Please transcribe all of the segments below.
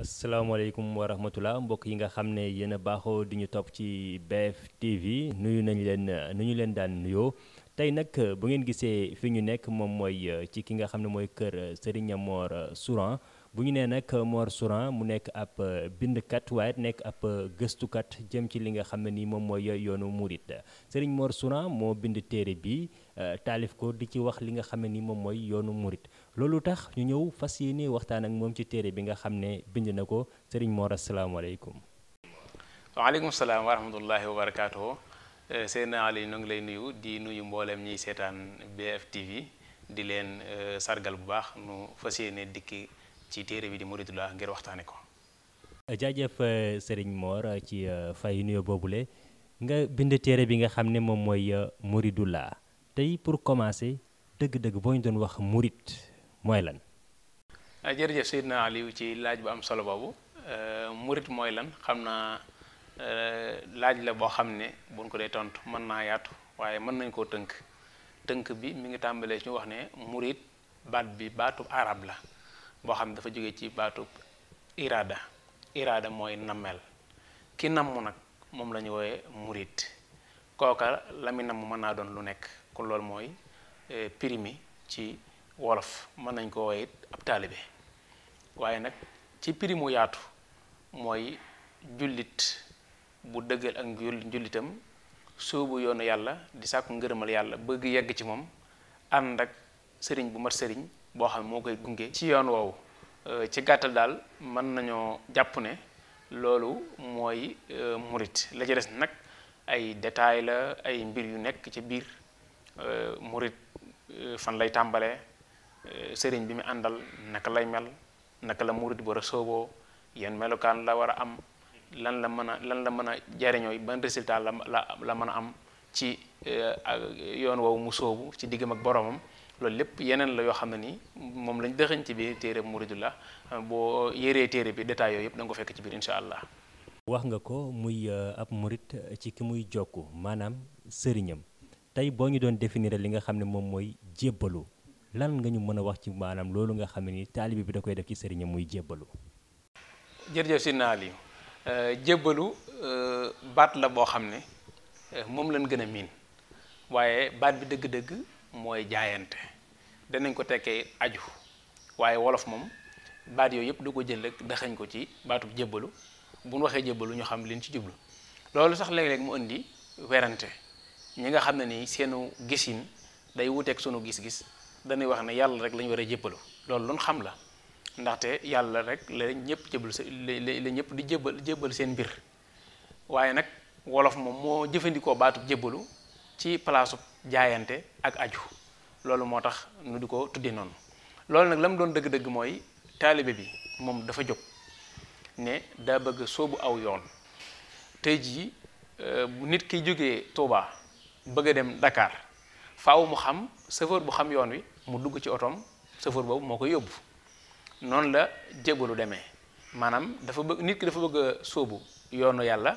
asalaamaaleykum wa rahmatulah mbokk yi nga xam ne yéen a baaxoo di ñu topp ci BFTV nuyu nañu leen nu ñu leen daan nuyoo tey nag bu ngeen gisee fi ñu nekk moom mooy ci ki nga xam ne mooy kër Serigne Mor Souran bu ñu nee nag Mor Souran mu nekk ab bindkat waaye nekk ab gëstukat jëm ci li nga xam ne nii moom mooy yoonu murit Serigne moor Souran moo bind téere bi taalif di ci wax li nga xam ne nii moom mooy yoonu murit loolu tax ñu ñëw fas yéene waxtaan ak moom ci téere bi nga xam ne bind na ko sëriñ Mor asalaamaaleykum. waaleykum salaam wa rahmatullahi wa barakaatu. Eh, seen Ali ñu ngi lay nuyu di nuyu mbooleem ñiy seetaan BFTV di leen eh, sargal bu baax nu fas yéene dikk ci téere bi di Mouridullah ngir waxtaane ko. jaajëf eh, sëriñ Mor ci fay nuyoo boobule nga bind téere bi nga xam ne moom mooy Mouridullah tey pour commencer dëgg-dëgg boo ñu doon wax Murit. mooy lan. Ah, jërëjëf Seydina Aliou ci laaj bu am solo boobu euh, murit mooy lan xam naa euh, laaj la boo xam ne buñ ko dee tontu mën naa yaatu waaye mën nañ koo tënk tënk bi mi ngi tàmbalee ci ñu wax ne murit baat bi baatub arab la boo xam ne dafa jóge ci baatub iraada iraada mooy nammeel ki namm nag moom la ñu woowe murit kooka la mi namm mën naa doon lu nekk kon loolu mooy euh, primi ci wolof mën nañ ko woowee ab taalibe waaye nag ci prix mu yaatu mooy jullit bu dëggal ak njullitam soobu yoonu yàlla di sàkku ngërëmal yàlla bëgg yegg ci moom ànd ak sëriñ bu mat sëriñ boo xam moo koy gunge ci yoon woowu euh, ci gàttal daal mën nañoo jàpp ne loolu mooy euh, murit la ci des nag ay détails la ay mbir yu nekk ci biir euh, murit fan lay tàmbalee Eh, sëriñ bi mu àndal naka lay mel naka la murit war a sooboo yan melokaan la war a am lan la mën a lan la mën a jariñooy ban résultat la la la mën a am ci eh, yoon woowu mu soobu ci diggam ak boromam loolu lépp yeneen la yoo xam ne ni moom lañ dëxëñ ci biir téere la boo yéree téere bi détails yooyu yëpp danga nga ko fekk ci biir incha allah. wax nga ko muy eh, ab murit ci ki muy jokku maanaam sëriñam tey boo ñu doon définir li nga xam ne moom mooy jébbalu. lan nga ñu mën a wax ci maanaam loolu nga xam ni taalibe bi da koy def ci sëriñam muy jébbalu jërëjëf si naa li euh, jébbalu euh, baat la boo xam ne euh, moom lañ gën a miin waaye baat bi dëgg-dëgg mooy jaayante danañ ko tekkee aju waaye wolof moom baat yooyu yëpp du ko jël rek daxañ ko ci baatu jébbalu bu ñu waxee jébbalu ñu xam liñ ci jublu loolu sax léeg-léeg mu indi werante ñi nga xam ne seenu gisin day wuteeg sunu gis-gis dañuy wax ne yàlla rek lañu ñu war a jébbalu loolu lu xam la ndaxte yàlla rek la ñëpp jébal sa la ñëpp di seen mbir waaye nag wolof moom moo jëfandikoo baatub jébbalu ci palaasu jaayante ak aju loolu moo tax nu di ko tuddee noonu loolu nag la mu doon dëgg-dëgg mooy taalibe bi moom dafa jóg ne daa bëgg soobu aw yoon tey jii euh, nit ki jógee Touba bëgg a dem ndakaar faaw mu xam chauffeur bu xam yoon wi mu dugg ci otoom chauffeur boobu moo koy yóbbu noonu la jébalu demee maanaam dafa bëgg nit ki dafa bëgg sóobu yoonu yàlla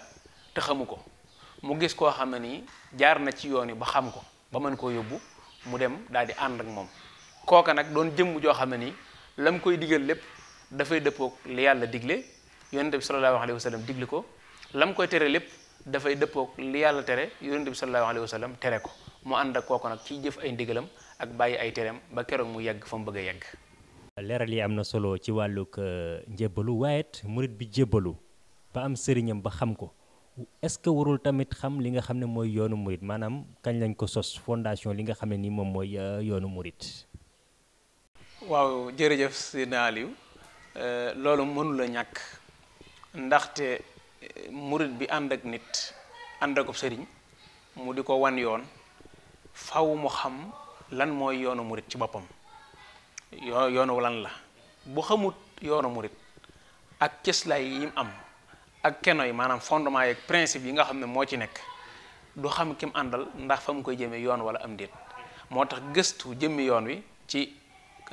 te xamu ko mu gis koo xam ne nii jaar na ci yoon wi ba xam ko ba mën koo yóbbu mu dem daal di ànd ak moom kooka nag doon jëmm joo xam ne nii la mu koy digal lépp dafay dëppook li yàlla digle yonente bi sallallahu alayhi wa sallam digle ko la mu koy tere lépp dafay dëppook li yàlla tere yonente bi sallallahu alayhi wa sallam tere ko mu ànd ak kooku nag ciy jëf ay ndigalam ak bàyyi ay tereem ba keroog mu yegg fa mu bëgg a yegg. leeral yi am na solo ci wàllug euh, njébbalu waaye it murit bi jébbalu ba am sëriñam ba xam ko est-ce que warul tamit xam li nga xam ne mooy yoonu murit maanaam kañ lañ ko sos fondation li nga xam ne nii moom mooy euh, yoonu murit. waaw jërëjëf sëñ Aliou euh, loolu mënula la ñàkk ndaxte murit bi ànd ak nit ànd ak sëriñ mu di ko wan yoon. faw mu xam lan mooy yoonu murit ci boppam yoo yoonu lan la bu xamut yoonu murit ak cëslaay yi mu am ak keno yi maanaam fondement yeeg principe yi nga xam ne moo ci nekk du xam ki mu àndal ndax fa mu koy jëmee yoon wala am déet moo tax gëstu jëmmi yoon wi ci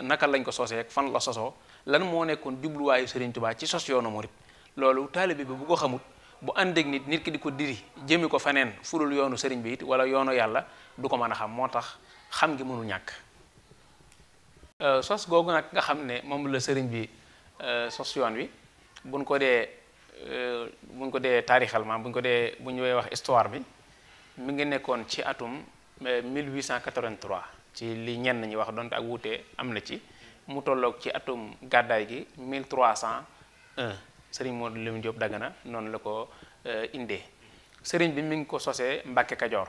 naka lañ ko sosee ak fan la sosoo lan moo nekkoon jubluwaayu Serigne Touba ci sos yoonu murit loolu taalibe bi bu ko xamut bu ànd ak nit nit ki di ko diri jëmi ko feneen furul yoonu sëriñ bi it wala yoonu yàlla du ko mën a xam moo tax xam ngi mënu ñàkk euh, sos googu nag nga xam ne moom la sëriñ bi euh, sos yoon wi buñ ko dee euh, buñ ko dee taarixal maam buñ ko dee bu ñu wax histoire bi mu ngi nekkoon ci atum 1883 ci li ñenn ñi wax donte ak wuute am na ci mu tolloog ci atum gàddaay gi 1301 Sering Modou Lim Diop Dagana non la ko Sering eh, serigne bi mi ngi ko sosé mbacké kadior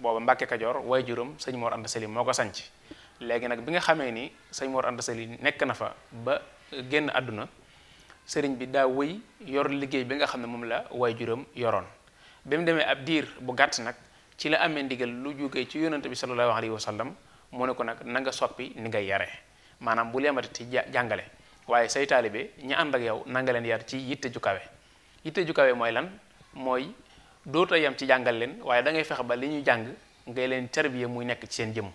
booba mbacké kadior waaye juróom sëñ Mor Anta Sali sanc légui nak bi nga xamé ni serigne Mor Anta selim nekk na fa ba genn aduna serigne bi da wëy yor liggéey bi nga xamné mom la waaye juróom yoroon bi mu ab dir bu gatt nak ci la amé ndigal lu jógee ci yonante bi sallallahu alayhi wasallam moné ko nak nga soppi ni nga yaré manam bu leemati jangalé waye say talibé ñi and ak yow nanga yar ci yitte ju kawé yitte ju kawé moy lan moy doota yam ci jangal len waye da ngay fex ba li ñuy jàng ngay len tarbiya muy nek ci seen jëm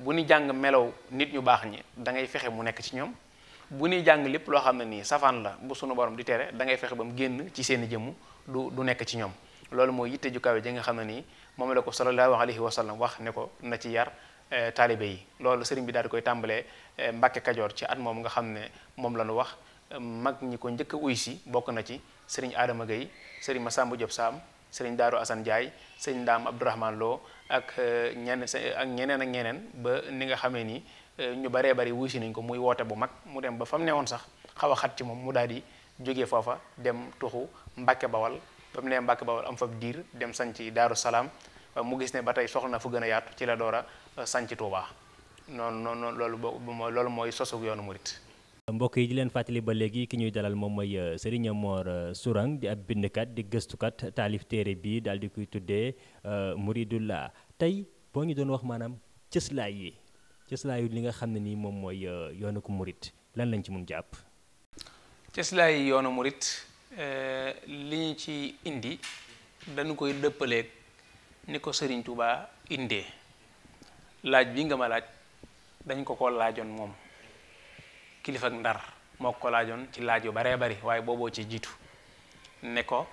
bu ni jang melaw nit ñu bax ñi da ngay fexé mu nek ci ñom bu ni jang lepp lo xamné ni safan la bu sunu borom di téré da ngay fexé bam génn ci seen jëm du du nek ci ñom moy yitte ju kawé nga xam ne la ko sallallahu alayhi wa sallam wax ne ko na ci yar Eh, taalibe yi loolu sëriñ bi daal di koy tàmbalee eh, Mbàkke Kajoor ci at moom nga xam ne moom la ñu wax mag ñi ko njëkk a si bokk na ci sëriñ Adama Gueye sëriñ Massamba job Sam sëriñ Daaru asan Ndiaye sëriñ Ndaam Abdourahmane Lo ak eh, ñenn ak ñeneen ak ñeneen ba ni nga xamee ni ñu baree bari wuy nañ ko muy woote bu mag mu dem ba fa mu newoon sax xaw xat ci moom mu daal di jógee foofa dem tuxu Mbàkke Bawal ba mu nee Mbàkke Bawal am fa diir dem sanc Daaru Salaam mu gis ne ba tey soxla na fu gën a yaatu ci la door a euh, sànc Tuuba noonu loolu mooy sosug yoonu murit mbokk yi di leen fàttali ba léegi ki ñuy dalal moom mooy euh, Serigne Mor euh, Sourang di ab bindkat di gëstukat taalif téere bi daal di koy tuddee Muridulla tey boo ñu doon wax maanaam cëslaay yi cëslaay li nga xam ne nii moom mooy yoonu ko murit lan lañ ci mun jàpp. cëslaay yi yoonu murit li ñu ci indi dañu koy dëppaleeg ni ko sëriñ tuuba indee laaj bi nga ma laaj dañ ko ko laajoon moom kilifak ndar moo ko laajoon ci laaj yu baree bari waaye booboo ci jiitu ne ko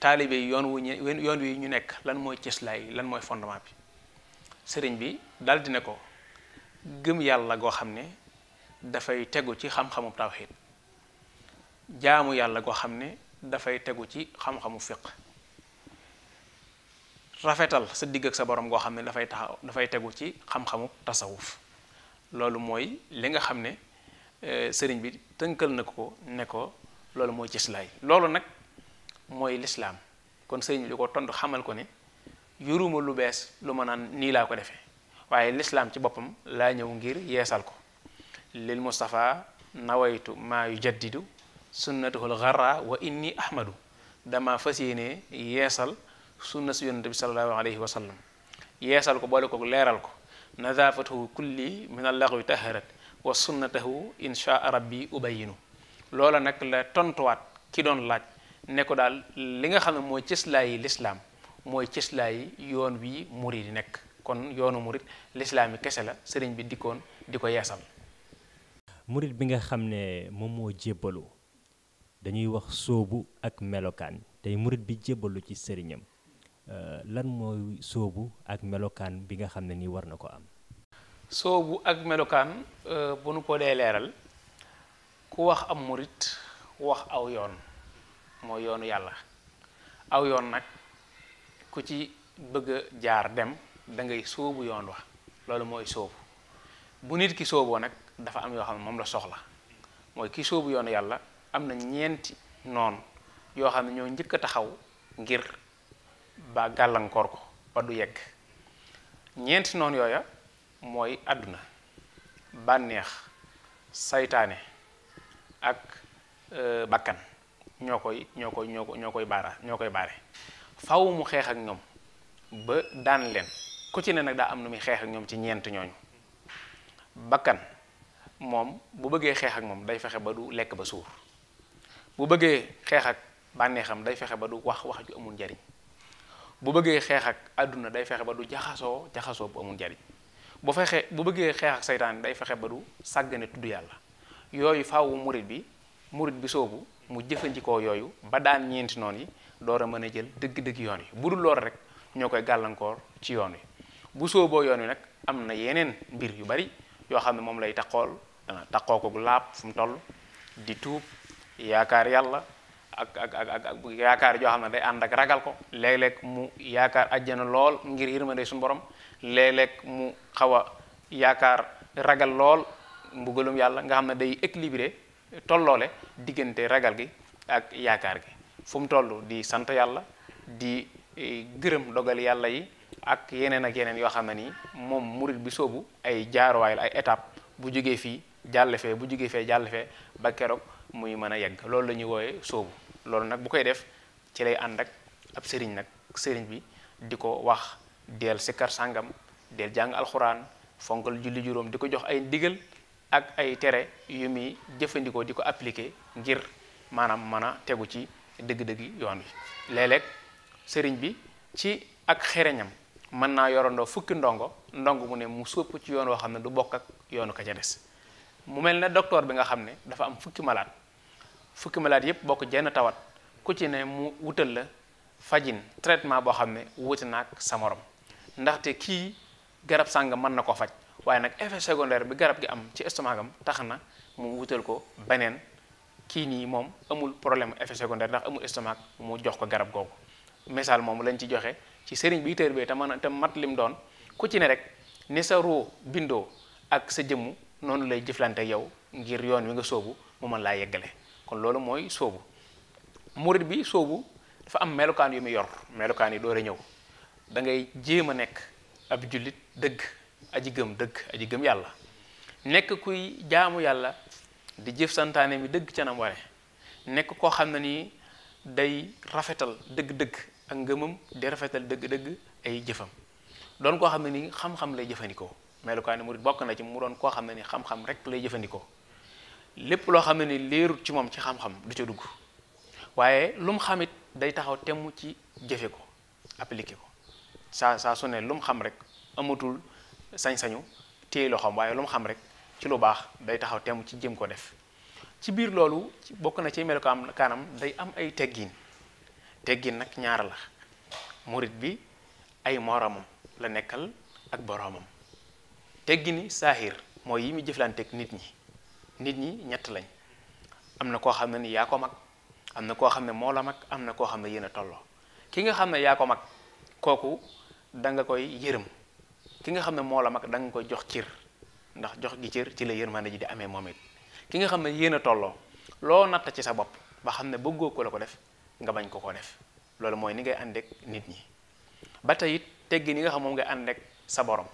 taalibe yoon wu yoon wi ñu nekk lan mooy cëslaay lan mooy fondement bi sëriñ bi dal dina ko gëm yàlla goo xam ne dafay tegu ci xam-xamu tawxid jaamu yàlla goo xam ne dafay tegu ci xam-xamu fiq rafetal sa digg ak sa borom go xamne da fay taxaw fay teggu ci xam-xamu tasawuf lolou moy li nga xamne ne sëriñ bi teunkel nako ne ko moy ci islam lolou nak moy l'islam kon serigne liko tondu xamal ko ne yuruma lu bes lu ma naan nii ko defé waye l'islam ci bopam la ñëw ngir yeesal ko lil mustafa nawaitu ma yujaddidu jaddidu sunnatuhul garra wa inni ahmadu dama fasiyene yeesal sunna su yonente bi sallallahu alayhi wa sallam yeesal ko boole ko leeral ko nadafatuhu kulli min allaxwi taharat wa sunnatahu sha'a rabbi ubayinu loola nag la tontuwaat ki doon laaj ne ko daal li nga xam ne mooy l'islam lislaam mooy cëslaayi yoon wi murid nekk kon yoonu murid l'islam yi kese la sëriñ bi dikkoon di ko yeesal murid bi nga xam ne moom moo jébbalu dañuy wax sóobu ak melokaan tey murid bi jébbalu ci sëriñam Euh, lan mooy sóobu ak melokaan bi nga xam ne nii war na ko am. soobu ak melokaan euh, bu nu ko dee leeral ku wax am murit wax aw yoon mooy yoonu yàlla aw yoon nag ku ci bëgg a jaar dem dangay ngay yoon wa loolu mooy sóobu bu nit ki sooboo nag dafa am yoo xam ne moom la soxla mooy ki sóobu yoonu yàlla am na ñeenti noonu yoo xam ne ñoo njëkk a taxaw ngir. ba gàllankoor ko ba du yegg ñeenti noonu yooya mooy àdduna bànneex saytaane ak euh, bakkan ñoo koy ñoo koy ñoo koy ñoo koy baara ñoo koy baare faw mu xeex ak ñoom ba daan leen ku ci ne nag daa am nu muy xeex ak ñoom ci ñeent ñooñu bakkan moom bu bëggee xeex ak moom day fexe ba du lekk ba suur bu bëggee xeex ak bànneexam day fexe ba du wax wax ju amul njariñ bu bëggee xeex ak àdduna day fexe ba du jaxasoo jaxasoo bu amul njariñ bu fexe bu bëggee xeex ak saytaan day fexe ba du sàggane tudd yàlla yooyu faawu murit bi murit bi soobu mu jëfandikoo yooyu ba daan ñeenti noon yi door a mën a jël dëgg-dëgg yoon yi bu dul loolu rek ñoo koy gàllankoor ci yoon wi bu sooboo yoon wi nag am na yeneen mbir yu bari yoo xam ne moom lay taqool dana taqoo ko làpp fu mu toll di tuub yaakaar yàlla ak ak ak ak yaakaar joo xam ne day ànd ak ragal ko léeg-léeg mu yaakaar àjjana lool ngir yërmande suñu borom léeg-léeg mu xaw a yaakaar ragal lool mbugalum yàlla nga xam ne day équilibré tolloole diggante ragal gi ak yaakaar gi fu mu toll di sant yàlla di eh, gërëm dogal yàlla yi ak yeneen ak yeneen yoo xam ne nii moom murit bi soobu ay jaaruwaay la ay étape bu jógee fii jàll fee bu jógee fee jàll fee ba keroog muy mën a yegg loolu la ñuy wooye soobu loolu nag bu koy def ci lay ànd ak ab sëriñ nag sëriñ bi di ko wax del sikkar sàngam del jàng alxuraan fonkal julli juróom di ko jox ay digel, ak ay tere yu muy jëfandikoo di ko appliquer ngir maanaam mën a tegu ci dëgg-dëgg yoon wi léeg-léeg sëriñ bi ci ak xereñam mën naa yorandoo fukki ndongo ndongo mu ne mu yono ci yoon woo xam ne du bokk ak yoonu ka des mu mel docteur bi nga xam dafa am fukki malade fukki ma laat yépp bokk jenn tawat ku ne mu wutal la fajin traitement boo xam ne wuti naag sa morom ndaxte kii garab sàng mën na ko faj waaye nag effet secondaire bi garab gi am ci estomac am tax na mu wutal ko beneen kii nii moom amul problème effet secondaire ndax amul estomac mu jox ko garab googu misaal moom lañ ci joxe ci sëriñ bi tër bee te mën te mat lim doon ku ci ne rek ni sa ruu bindoo ak sa jëmm noonu lay jëflante yow ngir yoon wi nga soobu mu mën laa yeggale kon loolu mooy sóobu murit bi sóobu dafa am melokaan yu mu yor melokaan yi door ñëw da ngay jéem a nekk ab jullit dëgg aji gëm dëgg aji gëm yàlla nekk kuy jaamu yàlla di jëf santaane mi dëgg ca nam ware nekk koo xam ne nii day rafetal dëgg-dëgg ak ngëmam di rafetal dëgg-dëgg ay jëfam doon koo xam ne nii xam-xam lay jëfandikoo melukaani murit bokk na ci mu doon koo xam ne ni xam-xam rek lay jëfandikoo lépp loo xam ne ni leerut ci moom ci xam-xam du ca dugg waaye lu mu xam it day taxaw temm ci jëfe ko appliqué ko saa saa su ne lu mu xam rek amatul sañ-sañu téye loo xam waaye lu mu xam rek ci lu baax day taxaw temm ci jëm ko def ci biir loolu bokk na ci melokaan kanam day am ay teggin teggin nag ñaar la murit bi ay moromam la nekkal ak boromam teggini saaxiir mooy yi muy jëflanteeg nit ñi nit ñi ñett lañ am na koo xam ne ni yaa ko mag am na koo xam ne moo la mag am na koo xam ne yéen a tolloo ki nga xam ne yaa ko mag kooku da nga koy yërëm ki nga xam ne moo la mag danga nga koy jox cër ndax jox gi cër ci la yërmande ji di amee moom it ki nga xam ne yéen a tolloo loo natt ci sa bopp ba xam ne bëggoo ko la ko def nga bañ ko ko def loolu mooy ni ngay àndeek nit ñi ba tey it teggi ni nga xam moom ngay àndeek sa borom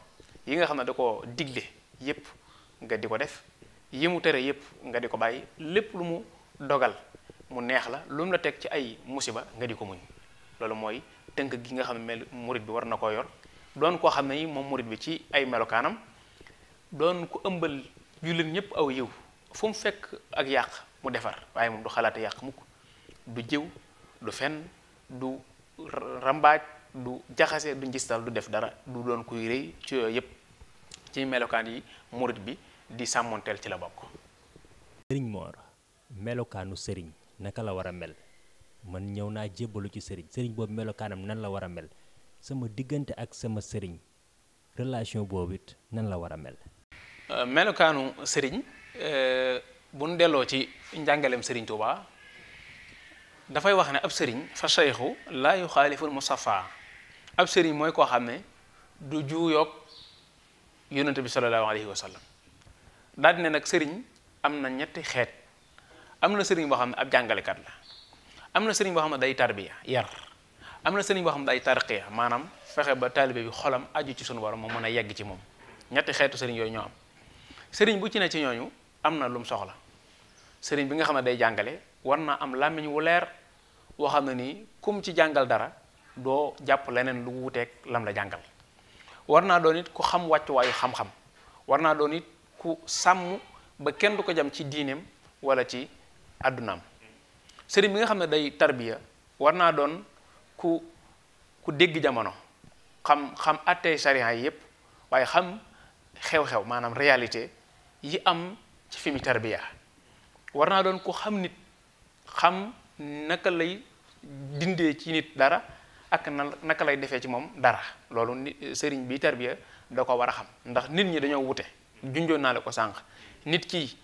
yi nga xam ne da koo digle yépp nga di ko def yi mu tere yépp nga di ko bàyyi lépp lu mu dogal mu neex la lu mu la teg ci ay musiba nga di ko muñ loolu mooy tënk gi nga xam ne mel murit bi war na koo yor doon koo xam ne yi moom murit bi ci ay melokaanam doon ko ëmbal jullit ñëpp aw yiw fu mu fekk ak yàq mu defar waaye moom du xalaate yàq mukk du jiw du fen du rambaaj du jaxase du njistal du def dara du doon kuy rëy ci yooyu yëpp ci melokaan yi murit bi di sàmmonteel ci la bokk. sëriñ Mor melokaanu sëriñ naka la war a mel man ñëw naa jébbalu ci sëriñ sëriñ boobu melokaanam nan la war a mel sama diggante ak sama sëriñ relation boobu it nan la war a mel. Euh, melokaanu sëriñ euh, bu delloo ci njàngaleem sëriñ Touba dafay wax ne ab sëriñ fa sayxu laa yu xaaliful musafa ab sëriñ mooy koo xam ne du juuyoog yonent bi sallallahu alayhi wa daal ne nag sëriñ am na ñetti xeet am na sëriñ boo xam ne ak jàngalekat la am na sëriñ boo xam ne day tarbiya yar am na sëriñ boo xam ne day tarqiya maanaam fexe ba taalibe bi xolam aju ci sunu borom moom mën a yegg ci moom ñetti xeetu sëriñ yooyu ñoo am sëriñ bu ci ne ci ñooñu am na lum soxla sëriñ bi nga xam ne day jàngale war naa am làmmiñ wu leer waxam xam ne nii kum ci jàngal dara doo jàpp leneen lu wuuteeg lam la jàngal naa doon it xam wàccuwaayu xam war naa doon it ku sàmm ba kenn du ko jam ci diineem wala ci àddunaam sëriñ bi nga xam ne day tarbiya war naa doon ku ku dégg jamono xam xam attey sariya yi yépp waaye xam xew-xew maanaam réalité yi am ci fi mu tarbiya war naa doon ku xam nit xam naka lay dindee ci nit dara ak na naka lay defee ci moom dara loolu sëriñ bi tarbiya da ko war a xam ndax nit ñi dañoo wute junjoon naa la ko sànq nit ki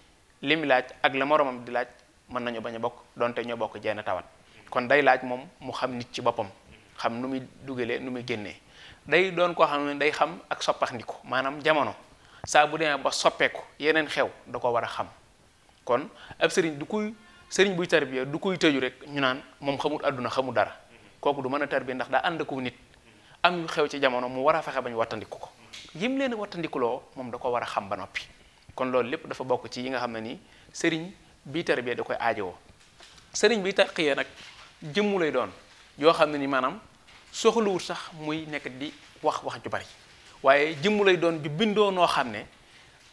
li mu laaj ak la moromam di laaj mën nañu bañ a bokk donte ñoo bokk jenn tawat kon day laaj moom mu xam nit ci boppam xam nu muy dugalee nu muy génnee day doon koo xam ne day xam ak soppaxndiku maanaam jamono saa bu demee ba soppeeku yeneen xew da ko war a xam kon ab sëriñ du kuy sëriñ buy tarbiya du kuy tëju rek ñu naan moom xamul àdduna xamul dara kooku du mën a tarbiya ndax daa ànd ku nit am yu xew ci jamono mu war a fexe bañ wattandiku ko yim leen wattandikuloo moom da ko war a xam ba noppi kon loolu lépp dafa bokk ci yi nga xam ne ni sëriñ bii tarbiyee da koy aajowoo sëriñ bi tarqiyee nag jëmmu lay doon yoo xam ne ni maanaam soxluwul sax muy nekk di wax wax ju bari waaye jëmmu lay doon ju bindoo noo xam ne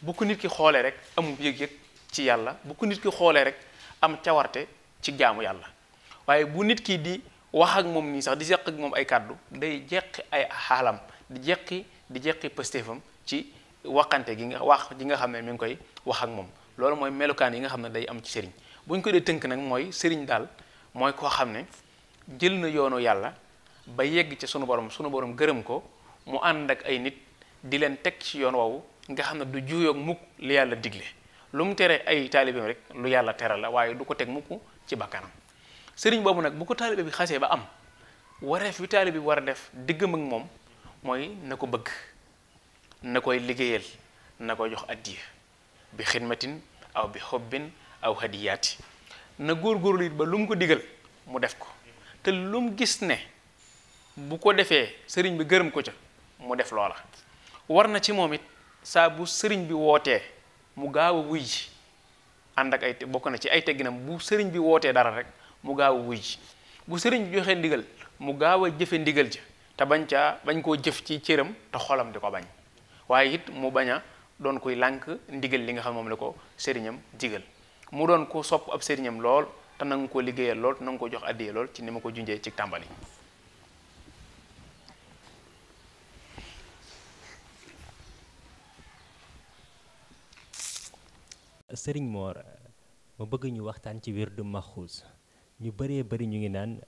bu ko nit ki xoolee rek amul yëg-yëg ci yàlla bu ko nit ki xoolee rek am cawarte ci jaamu yàlla waaye bu nit kii di wax ak moom nii sax di seq ak moom ay kàddu day jeqi ay xaalam di jeqi di jeqi pëstéefam ci waxante gi nga wax gi nga xam ne mi ngi koy wax ak moom loolu mooy melokaan yi nga xam ne day am ci sëriñ bu ñu ko dee tënk nag mooy sëriñ daal mooy koo xam ne jël na yoonu yàlla ba yegg ci sunu borom sunu borom gërëm ko mu ànd ak ay nit di leen teg ci yoon woowu nga xam ne du juuyoog mukk li yàlla digle lu mu teree ay taalibeem rek lu yàlla teral la waaye du ko teg mukk ci bàkkanam sëriñ boobu nag bu ko taalibe bi xasee ba am wareef bi bi war a def diggam ak moom mooy na ko bëgg na koy liggéeyal na ko jox addiya bi xidmatin aw bi xobbin aw hadiyaati na góorgóorlu it ba lum ko digal mu def ko te lu gis ne bu ko defee sëriñ bi gërëm ko ca mu def loola war na ci moom it saa bu sëriñ bi wootee mu gaaw a wuy ji ànd ak ay bokk na ci ay tegginam bu sëriñ bi wootee dara rek mu gaaw a wuy ji bu sëriñ bi joxee ndigal mu gaaw a jëfe ndigal ja te bañ ca bañ koo jëf ci cëram te xolam di ko bañ waaye it mu bañ a doon kuy lànk ndigal li nga xam moom la ko sëriñam digal mu doon ko sopp ab sëriñam lool te nang ko liggéeyal lool nang ko jox addiyee lool ci ni ma ko junjee ci tàmbali Serigne Mor ma bëgg ñu waxtaan ci wérdu maxuus ñu bëree bëri ñu ngi naan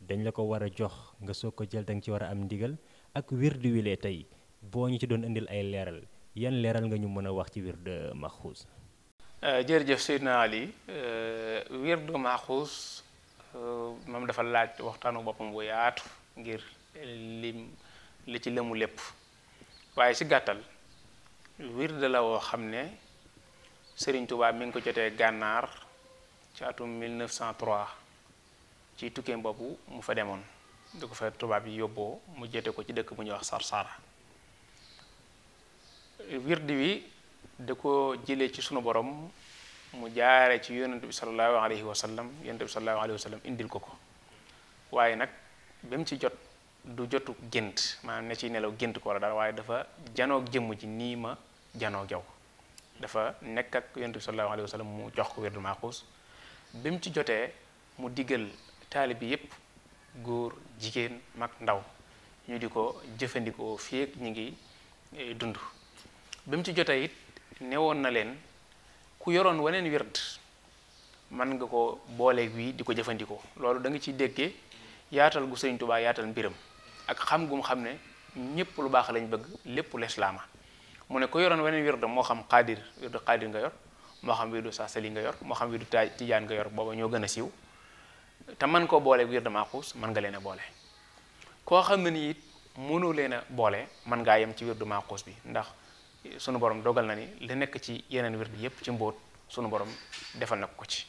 dañ la ko war a jox nga soog ko jël da ci war a am ndigal ak wirdu wile tey boo ñu ci doon indil ay leeral yan leeral nga ñu mën a wax ci wirdu maxuus euh, jërëjëf Seydina Ali euh, wirdu maxuus euh, moom dafa laaj waxtaanu boppam bu yaatu ngir lim li ci lëmu lépp waaye si gàttal wirdu la woo xam ne Sëriñ Tuubaa mi ngi ko jotee gànnaar ci atum 1903 ci tukkeem boobu mu fa demoon du ko fa tubaab yi yóbboo mu jete ko ci dëkk bu ñuy wax Sarsara wirdi wi da ko jële ci sunu borom mu jaare ci yonent bi sallallahu alayhi wa sallam yonent bi sallallahu alayhi wa sallam indil ko ko waaye nag ba mu ci jot du jotu gént maanaam ne ciy nelaw gént ko wala daal waaye dafa janoog jëmm ji nii ma janoog yow dafa nekk ak yonent bi sallallahu alayhi wa sallam mu jox ko wirdu maaxuus bi mu ci jotee mu diggal taalibe yépp góor jigéen mag ndaw ñu di ko jëfandikoo fii ak ñu ngi e, dund bi mu ci jotee it newoon na leen ku yoroon weneen wird man nga ko booleeg wii di ko jëfandikoo loolu da nga ciy déggee yaatal gu Sëriñ Tuubaa yaatal mbiram ak xam gum xam ne ñépp lu baax lañ bëgg lépp leeslaa leslaama mu ne ku yoroon waneen wird moo xam xaadir wirdu xaadir nga yor moo xam wirdu saasali nga yor moo xam wirdu tijaan nga yor booba ñoo gën a siiw te mën koo boole wiir dama xuus mën nga leen a boole koo xam ne ni it leen a boole mën ngaa yem ci wiir dama xuus bi ndax sunu borom dogal na ni li nekk ci yeneen wiir bi yépp ci mbóot sunu borom defal na ko ci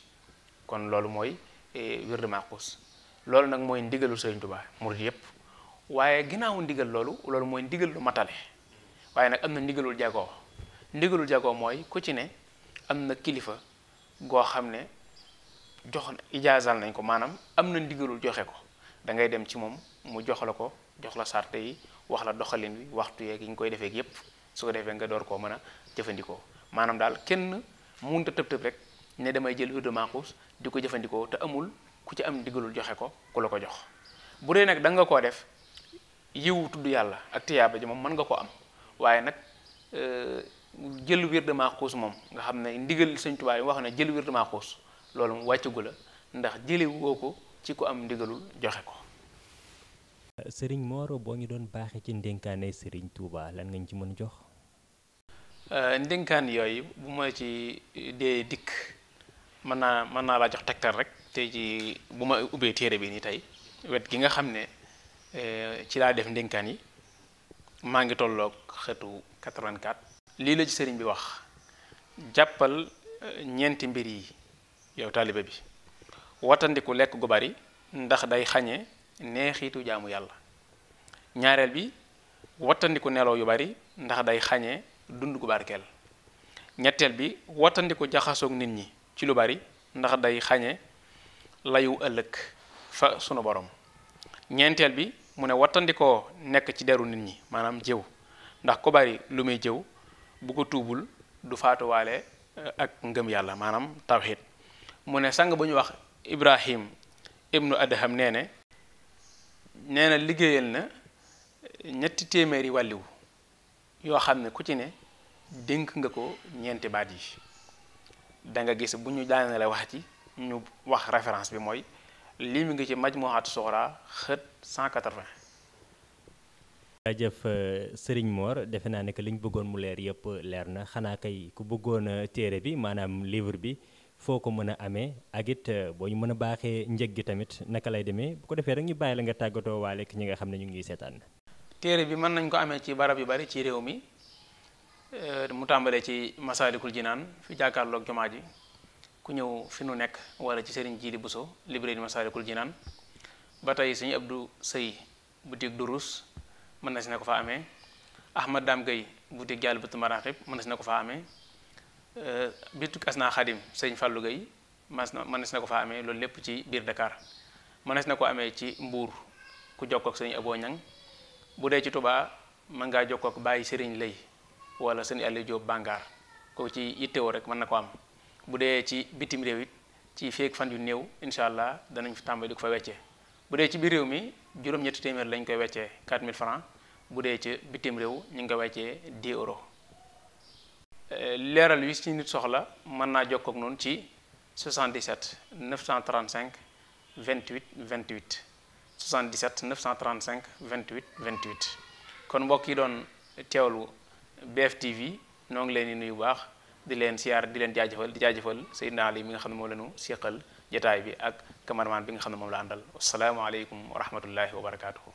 kon loolu mooy eh, wiir dama xuus loolu nag mooy ndigalu Sëriñ Tuubaa murid yépp waaye ginnaawu ndigal loolu loolu mooy ndigal lu matale waaye nag am na ndigalul jagoo ndigalul jagoo mooy ku ci ne am na kilifa goo xam ne jox ijaasal nañ ko maanaam am na ndigalul joxe ko dangay dem ci moom mu jox la ko jox la sàrt yi wax la doxalin wi waxtu yeeg yi ñu koy defee yépp su ko defee nga door koo mën a jëfandikoo maanaam daal kenn munta tëb tëb rek ne damay jël huile de maqus di ko jëfandikoo te amul ku ci am ndigalul joxe ko ku la ko jox bu dee nag da nga koo def yiwu tudd yàlla ak tiyaaba ji moom mën nga ko am waaye nag euh, jël wir de maqus moom nga xam ne ndigal Sëñ Tuubaa yi wax ne jël wird de maqus loolu mu wàccagu la ndax jële ko ci ko am ndigalul joxe ko sëriñ Moro boo ngi doon baaxe ci ndénkaane sëriñ Touba lan ngañ ci mën jox euh, ndénkaan yooyu bu ma ci dee dikk mën naa mën naa laa jox tegtal rek te ci bu ma ubbee téere bi ni tey wet gi nga xam ne euh, ci laa def ndénkaan yi maa ngi tolloog xeetu 84 lii la ci sëriñ bi wax jàppal euh, ñeenti mbir yi yow taalibe bi wattandiku lekk gu bari ndax day xañe neexitu jaamu yàlla ñaareel bi wattandiku nelaw yu bari ndax day xañe dund gu barkeel ñetteel bi wattandiku jaxasoog nit ñi ci lu bari ndax day xañe layu ëllëg fa sunu borom ñeenteel bi mu ne wattandikoo nekk ci deru nit ñi maanaam jëw ndax ku bari lu muy jëw bu ko tuubul du faatuwaale eh, ak ngëm yàlla maanaam tawxiid mu ne sang bu ñu wax Ibrahim ibnu Adham nee ne nee na liggéeyal na ñetti téeméeri wàlliwu yoo xam ne ku ci ne dénk nga ko ñeenti baat yi da gis bu ñu daanale wax ci ñu wax référence bi mooy lii mi ngi ci majmuwaatu soxra xët 180. jaajëf euh, Serigne Mor defe naa ne que li bëggoon mu leer yëpp leer na xanaa kay ku bëggoon euh, téere bi maanaam livre bi. foo ko mën a ak it euh, boo ñu mën a baaxee gi tamit naka lay démé bu ko défé rek ñu bayé la nga tagoto walé ki nga xamné ñu ngi seetaan téré bi meun nañ ko amé ci barab yu bari ci réew mi euh, mu tambalé ci masalikul jinan fi jakarlo ak jomaaji ku ñew fi nu nek wala ci sëriñ jidi buso libéré di masalikul jinan batay tey abdou sey sëy boutique durus meun na ci nako fa amé ahmad dam gay boutique jàll bëtt maraxib na ci nako fa amé Euh, bitu kas naa xadim sëñ Fallou Gueye mas na mënees na ko fa amee loolu lépp ci biir Dakar mënees na ko amee ci Mbour ku jokkoo ak sëñ Abo Ñang bu dee ci Touba mën ngaa jokkoo ak Baye Serigne Lay wala sëñ Aliou Diop Bangar kooku ci yittewoo rek mën na ko am bu dee ci bitim réew it ci feek fan yu néew incha allah danañ fi tàmbali di ko fa weccee bu dee ci biir réew mi juróom-ñetti téeméer lañ koy weccee 4000 francs bu dee ci bitim réew ñu nga koy weccee 10 euros. Euh, leeral yu ci nit soxla mën naa jokkook noonu ci 77 935 28 28 77 935 28 28 kon mbokk yi doon teewlu BFTV noo ngi leen di nuyu baax di leen siyaar di leen jaajëfal di jaajëfal Seydina Ali mi nga xam ne moom la ñu seqal jotaay bi ak cameraman bi nga xam ne moom la àndal wasalaamaaleykum wa rahmatullahi wa barakaatuhu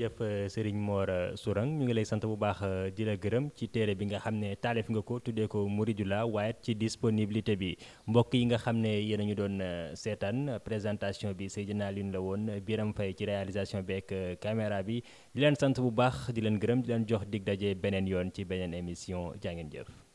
jërëjëf euh, Serigne Mor euh, Sourang ñu ngi lay sant bu baax euh, di la gërëm ci téere bi nga xam ne taalif nga ko tuddee ko Mouridula waaye ci disponibilité bi mbokk yi nga xam ne yéen a ñu doon seetaan présentation bi Seydina Alioune la woon Biram Faye ci réalisation beek caméra bi di leen sant bu baax di leen gërëm di leen jox dig daje beneen yoon ci beneen émission jaa ngeen jëf.